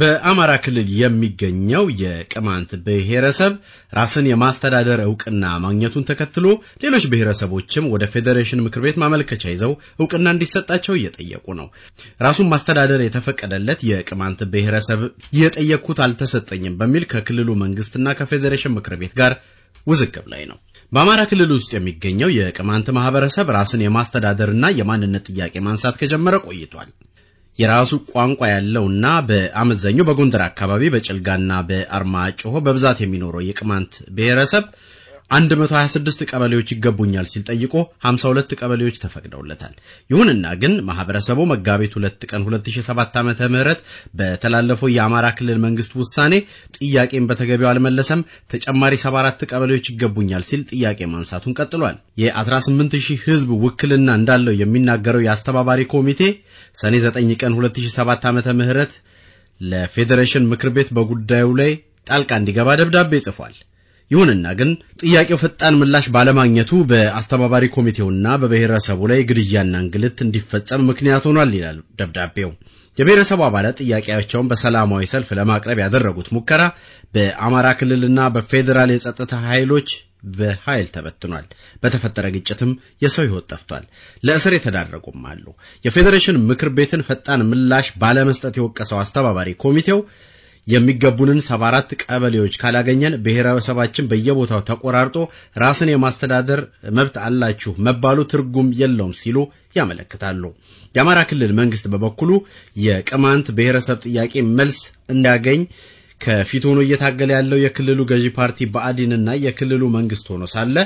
በአማራ ክልል የሚገኘው የቅማንት ብሔረሰብ ራስን የማስተዳደር እውቅና ማግኘቱን ተከትሎ ሌሎች ብሔረሰቦችም ወደ ፌዴሬሽን ምክር ቤት ማመልከቻ ይዘው እውቅና እንዲሰጣቸው እየጠየቁ ነው። ራሱን ማስተዳደር የተፈቀደለት የቅማንት ብሔረሰብ የጠየቅኩት አልተሰጠኝም በሚል ከክልሉ መንግስትና ከፌዴሬሽን ምክር ቤት ጋር ውዝግብ ላይ ነው። በአማራ ክልል ውስጥ የሚገኘው የቅማንት ማህበረሰብ ራስን የማስተዳደርና የማንነት ጥያቄ ማንሳት ከጀመረ ቆይቷል። የራሱ ቋንቋ ያለውና በአመዛኛው በጎንደር አካባቢ በጭልጋና በአርማጭሆ በብዛት የሚኖረው የቅማንት ብሔረሰብ 126 ቀበሌዎች ይገቡኛል ሲል ጠይቆ 52 ቀበሌዎች ተፈቅደውለታል። ይሁንና ግን ማህበረሰቡ መጋቢት 2 ቀን 2007 ዓ.ም በተላለፈው የአማራ ክልል መንግስት ውሳኔ ጥያቄን በተገቢው አልመለሰም። ተጨማሪ 74 ቀበሌዎች ይገቡኛል ሲል ጥያቄ ማንሳቱን ቀጥሏል። የ18 ሺህ ህዝብ ውክልና እንዳለው የሚናገረው የአስተባባሪ ኮሚቴ ሰኔ 9 ቀን 2007 ዓ. ምህረት ለፌዴሬሽን ምክር ቤት በጉዳዩ ላይ ጣልቃ እንዲገባ ደብዳቤ ጽፏል። ይሁንና ግን ጥያቄው ፈጣን ምላሽ ባለማግኘቱ በአስተባባሪ ኮሚቴውና በብሔረሰቡ ላይ ግድያና እንግልት እንዲፈጸም ምክንያት ሆኗል ይላል ደብዳቤው። የብሔረሰቡ አባላት ጥያቄያቸውን በሰላማዊ ሰልፍ ለማቅረብ ያደረጉት ሙከራ በአማራ ክልልና በፌዴራል የጸጥታ ኃይሎች በኃይል ተበትኗል። በተፈጠረ ግጭትም የሰው ሕይወት ጠፍቷል። ለእስር የተዳረጉም አሉ። የፌዴሬሽን ምክር ቤትን ፈጣን ምላሽ ባለመስጠት የወቀሰው አስተባባሪ ኮሚቴው የሚገቡንን 74 ቀበሌዎች ካላገኘን ብሔረሰባችን በየቦታው ተቆራርጦ ራስን የማስተዳደር መብት አላችሁ መባሉ ትርጉም የለውም ሲሉ ያመለክታሉ። የአማራ ክልል መንግስት በበኩሉ የቅማንት ብሔረሰብ ጥያቄ መልስ እንዳገኝ ከፊት ሆኖ እየታገለ ያለው የክልሉ ገዢ ፓርቲ ብአዴንና የክልሉ መንግስት ሆኖ ሳለ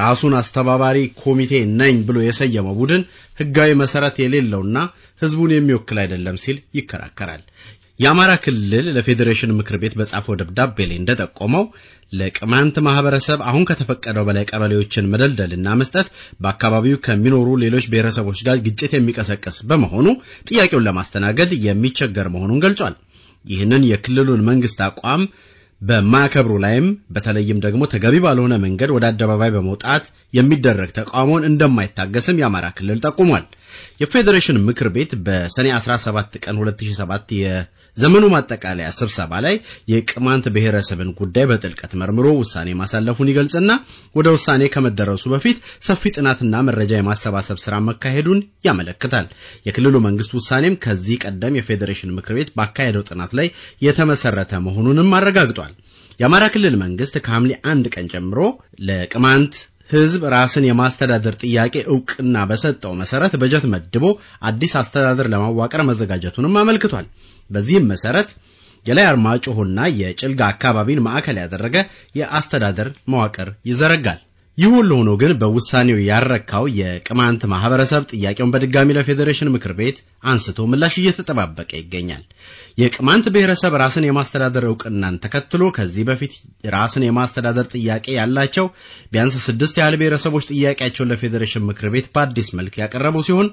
ራሱን አስተባባሪ ኮሚቴ ነኝ ብሎ የሰየመው ቡድን ህጋዊ መሰረት የሌለውና ህዝቡን የሚወክል አይደለም ሲል ይከራከራል። የአማራ ክልል ለፌዴሬሽን ምክር ቤት በጻፈው ደብዳቤ ላይ እንደጠቆመው ለቅማንት ማህበረሰብ አሁን ከተፈቀደው በላይ ቀበሌዎችን መደልደልና መስጠት በአካባቢው ከሚኖሩ ሌሎች ብሔረሰቦች ጋር ግጭት የሚቀሰቀስ በመሆኑ ጥያቄውን ለማስተናገድ የሚቸገር መሆኑን ገልጿል። ይህንን የክልሉን መንግስት አቋም በማያከብሩ ላይም በተለይም ደግሞ ተገቢ ባልሆነ መንገድ ወደ አደባባይ በመውጣት የሚደረግ ተቃውሞን እንደማይታገስም የአማራ ክልል ጠቁሟል። የፌዴሬሽን ምክር ቤት በሰኔ 17 ቀን 2007 የዘመኑ ማጠቃለያ ስብሰባ ላይ የቅማንት ብሔረሰብን ጉዳይ በጥልቀት መርምሮ ውሳኔ ማሳለፉን ይገልጽና ወደ ውሳኔ ከመደረሱ በፊት ሰፊ ጥናትና መረጃ የማሰባሰብ ስራ መካሄዱን ያመለክታል። የክልሉ መንግስት ውሳኔም ከዚህ ቀደም የፌዴሬሽን ምክር ቤት ባካሄደው ጥናት ላይ የተመሰረተ መሆኑንም አረጋግጧል። የአማራ ክልል መንግስት ከሐምሌ አንድ ቀን ጀምሮ ለቅማንት ህዝብ ራስን የማስተዳደር ጥያቄ እውቅና በሰጠው መሰረት በጀት መድቦ አዲስ አስተዳደር ለማዋቀር መዘጋጀቱንም አመልክቷል። በዚህም መሰረት የላይ አርማጭሆና የጭልጋ አካባቢን ማዕከል ያደረገ የአስተዳደር መዋቅር ይዘረጋል። ይህ ሁሉ ሆኖ ግን በውሳኔው ያረካው የቅማንት ማህበረሰብ ጥያቄውን በድጋሚ ለፌዴሬሽን ምክር ቤት አንስቶ ምላሽ እየተጠባበቀ ይገኛል። የቅማንት ብሔረሰብ ራስን የማስተዳደር እውቅናን ተከትሎ ከዚህ በፊት ራስን የማስተዳደር ጥያቄ ያላቸው ቢያንስ ስድስት ያህል ብሔረሰቦች ጥያቄያቸውን ለፌዴሬሽን ምክር ቤት በአዲስ መልክ ያቀረቡ ሲሆን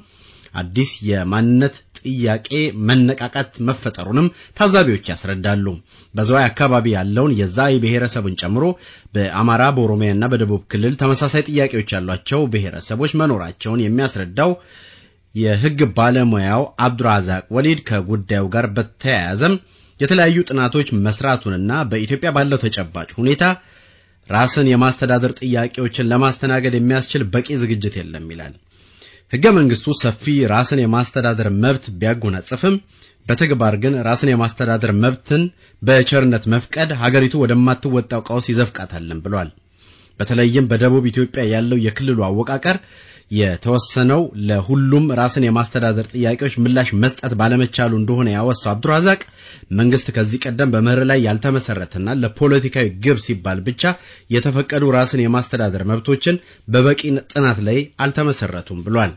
አዲስ የማንነት ጥያቄ መነቃቃት መፈጠሩንም ታዛቢዎች ያስረዳሉ። በዝዋይ አካባቢ ያለውን የዛይ ብሔረሰብን ጨምሮ በአማራ በኦሮሚያና በደቡብ ክልል ተመሳሳይ ጥያቄዎች ያሏቸው ብሔረሰቦች መኖራቸውን የሚያስረዳው የሕግ ባለሙያው አብዱራዛቅ ወሊድ ከጉዳዩ ጋር በተያያዘም የተለያዩ ጥናቶች መስራቱንና በኢትዮጵያ ባለው ተጨባጭ ሁኔታ ራስን የማስተዳደር ጥያቄዎችን ለማስተናገድ የሚያስችል በቂ ዝግጅት የለም ይላል። ሕገ መንግስቱ ሰፊ ራስን የማስተዳደር መብት ቢያጎናጽፍም በተግባር ግን ራስን የማስተዳደር መብትን በቸርነት መፍቀድ ሀገሪቱ ወደማትወጣው ቀውስ ይዘፍቃታለን ብሏል። በተለይም በደቡብ ኢትዮጵያ ያለው የክልሉ አወቃቀር የተወሰነው ለሁሉም ራስን የማስተዳደር ጥያቄዎች ምላሽ መስጠት ባለመቻሉ እንደሆነ ያወሳው አብዱራዛቅ መንግስት ከዚህ ቀደም በመር ላይ ያልተመሰረተና ለፖለቲካዊ ግብ ሲባል ብቻ የተፈቀዱ ራስን የማስተዳደር መብቶችን በበቂ ጥናት ላይ አልተመሰረቱም ብሏል።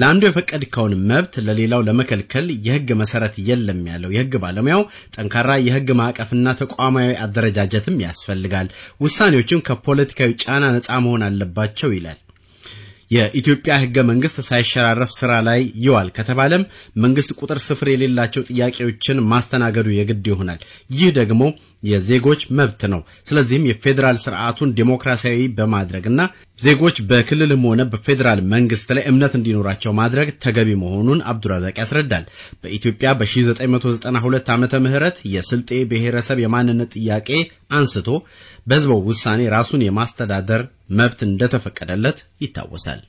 ለአንዱ የፈቀድከውን መብት ለሌላው ለመከልከል የህግ መሰረት የለም ያለው የህግ ባለሙያው ጠንካራ የህግ ማዕቀፍና ተቋማዊ አደረጃጀትም ያስፈልጋል፣ ውሳኔዎችም ከፖለቲካዊ ጫና ነፃ መሆን አለባቸው ይላል። የኢትዮጵያ ህገ መንግስት ሳይሸራረፍ ስራ ላይ ይዋል ከተባለም መንግስት ቁጥር ስፍር የሌላቸው ጥያቄዎችን ማስተናገዱ የግድ ይሆናል። ይህ ደግሞ የዜጎች መብት ነው። ስለዚህም የፌዴራል ስርዓቱን ዴሞክራሲያዊ በማድረግና ዜጎች በክልልም ሆነ በፌዴራል መንግስት ላይ እምነት እንዲኖራቸው ማድረግ ተገቢ መሆኑን አብዱራዛቅ ያስረዳል። በኢትዮጵያ በ1992 ዓመተ ምህረት የስልጤ ብሔረሰብ የማንነት ጥያቄ አንስቶ በህዝበው ውሳኔ ራሱን የማስተዳደር መብት እንደተፈቀደለት ይታወሳል።